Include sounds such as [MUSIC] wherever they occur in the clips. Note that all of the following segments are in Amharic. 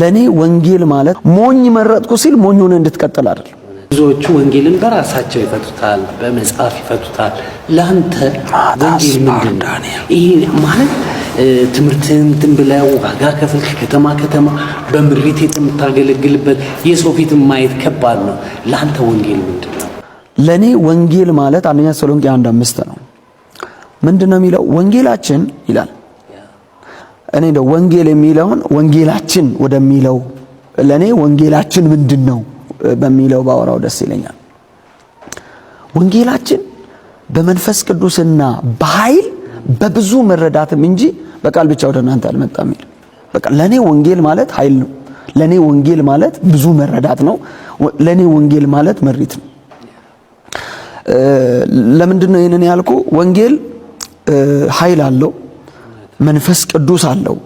ለእኔ ወንጌል ማለት ሞኝ መረጥኩ ሲል ሞኝ ሆነ እንድትቀጥል አይደል። ብዙዎቹ ወንጌልን በራሳቸው ይፈቱታል፣ በመጽሐፍ ይፈቱታል። ለአንተ ወንጌል ምንድን ነው? ይሄ ማለት ትምህርትን ትን ብለው ዋጋ ከፍል ከተማ ከተማ በምሪት የምታገለግልበት የሰው ፊት ማየት ከባድ ነው። ለአንተ ወንጌል ምንድን ነው? ለእኔ ወንጌል ማለት አንደኛ ተሰሎንቄ አንድ አምስት ነው። ምንድን ነው የሚለው ወንጌላችን ይላል እኔ እንደው ወንጌል የሚለውን ወንጌላችን ወደሚለው ለእኔ ወንጌላችን ምንድን ነው በሚለው ባወራው ደስ ይለኛል። ወንጌላችን በመንፈስ ቅዱስና በኃይል በብዙ መረዳትም እንጂ በቃል ብቻ ወደ እናንተ አልመጣም ይል። በቃ ለእኔ ወንጌል ማለት ኃይል ነው። ለእኔ ወንጌል ማለት ብዙ መረዳት ነው። ለእኔ ወንጌል ማለት መሪት ነው። ለምንድን ነው ይህንን ያልኩ? ወንጌል ኃይል አለው መንፈስ ቅዱስ አለው።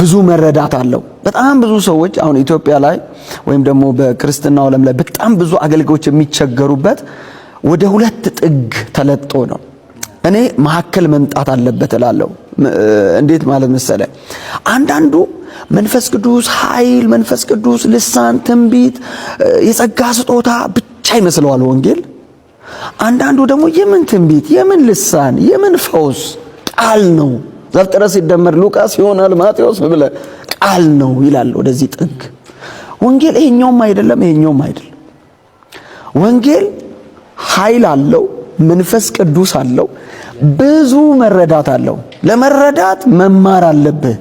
ብዙ መረዳት አለው። በጣም ብዙ ሰዎች አሁን ኢትዮጵያ ላይ ወይም ደግሞ በክርስትናው ዓለም ላይ በጣም ብዙ አገልጋዮች የሚቸገሩበት ወደ ሁለት ጥግ ተለጦ ነው። እኔ መሀከል መምጣት አለበት እላለሁ። እንዴት ማለት መሰለ፣ አንዳንዱ መንፈስ ቅዱስ ኃይል፣ መንፈስ ቅዱስ ልሳን፣ ትንቢት፣ የጸጋ ስጦታ ብቻ ይመስለዋል ወንጌል። አንዳንዱ ደግሞ የምን ትንቢት፣ የምን ልሳን፣ የምን ፈውስ ቃል ነው። ዘፍጥረት ሲደመር ሉቃስ ይሆናል ማቴዎስ ብለ ቃል ነው ይላል። ወደዚህ ጥግ ወንጌል ይሄኛውም አይደለም፣ ይሄኛውም አይደለም። ወንጌል ኃይል አለው፣ መንፈስ ቅዱስ አለው፣ ብዙ መረዳት አለው። ለመረዳት መማር አለብህ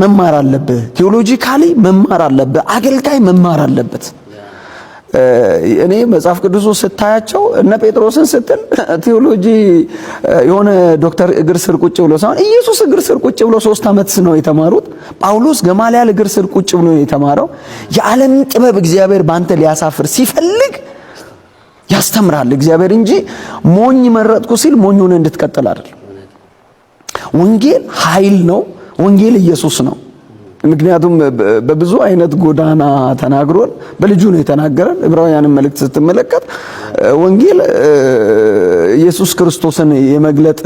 መማር አለብህ ቴዎሎጂካሊ መማር አለብህ። አገልጋይ መማር አለበት። እኔ መጽሐፍ ቅዱሱ ስታያቸው እነ ጴጥሮስን ስትል ቴዎሎጂ የሆነ ዶክተር እግር ስር ቁጭ ብሎ ሳይሆን ኢየሱስ እግር ስር ቁጭ ብሎ ሶስት ዓመት ነው የተማሩት። ጳውሎስ ገማልያል እግር ስር ቁጭ ብሎ የተማረው። የዓለም ጥበብ እግዚአብሔር ባንተ ሊያሳፍር ሲፈልግ ያስተምራል እግዚአብሔር እንጂ ሞኝ መረጥኩ ሲል ሞኝ ሆነ እንድትቀጥል አይደለም። ወንጌል ኃይል ነው። ወንጌል ኢየሱስ ነው። ምክንያቱም በብዙ አይነት ጎዳና ተናግሮን በልጁ ነው የተናገረን። ዕብራውያንን መልእክት ስትመለከት ወንጌል ኢየሱስ ክርስቶስን የመግለጥ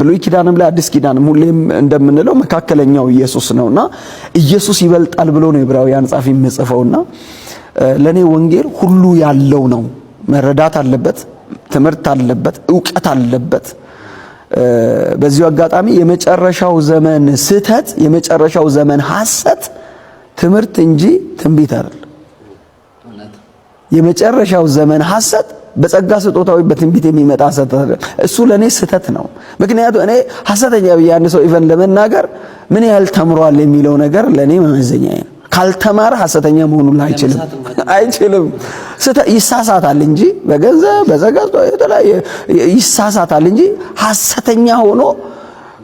ብሉይ ኪዳንም ላይ አዲስ ኪዳንም ሁሌም እንደምንለው መካከለኛው ኢየሱስ ነውና ኢየሱስ ይበልጣል ብሎ ነው ዕብራውያን ጻፊ የሚጽፈውና ለኔ ወንጌል ሁሉ ያለው ነው። መረዳት አለበት፣ ትምህርት አለበት፣ እውቀት አለበት። በዚሁ አጋጣሚ የመጨረሻው ዘመን ስህተት፣ የመጨረሻው ዘመን ሐሰት ትምህርት እንጂ ትንቢት አይደል። የመጨረሻው ዘመን ሐሰት በጸጋ ስጦታዊ በትንቢት የሚመጣ ሐሰት እሱ ለኔ ስህተት ነው። ምክንያቱ እኔ ሐሰተኛ ብዬ አንድ ሰው ኢቨን ለመናገር ምን ያህል ተምሯል የሚለው ነገር ለኔ መመዘኛ ነው። ካልተማረ ሐሰተኛ መሆኑን አይችልም [LAUGHS] አይችልም። ይሳሳታል እንጂ በገንዘብ በዘጋጅቶ የተለያየ ይሳሳታል እንጂ ሐሰተኛ ሆኖ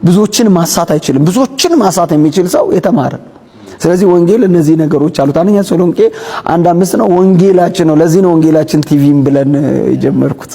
ብዙዎችን ማሳት አይችልም። ብዙዎችን ማሳት የሚችል ሰው የተማረ ስለዚህ ወንጌል እነዚህ ነገሮች አሉት። አንደኛ ተሰሎንቄ አንድ አምስት ነው ወንጌላችን ነው። ለዚህ ነው ወንጌላችን ቲቪም ብለን የጀመርኩት።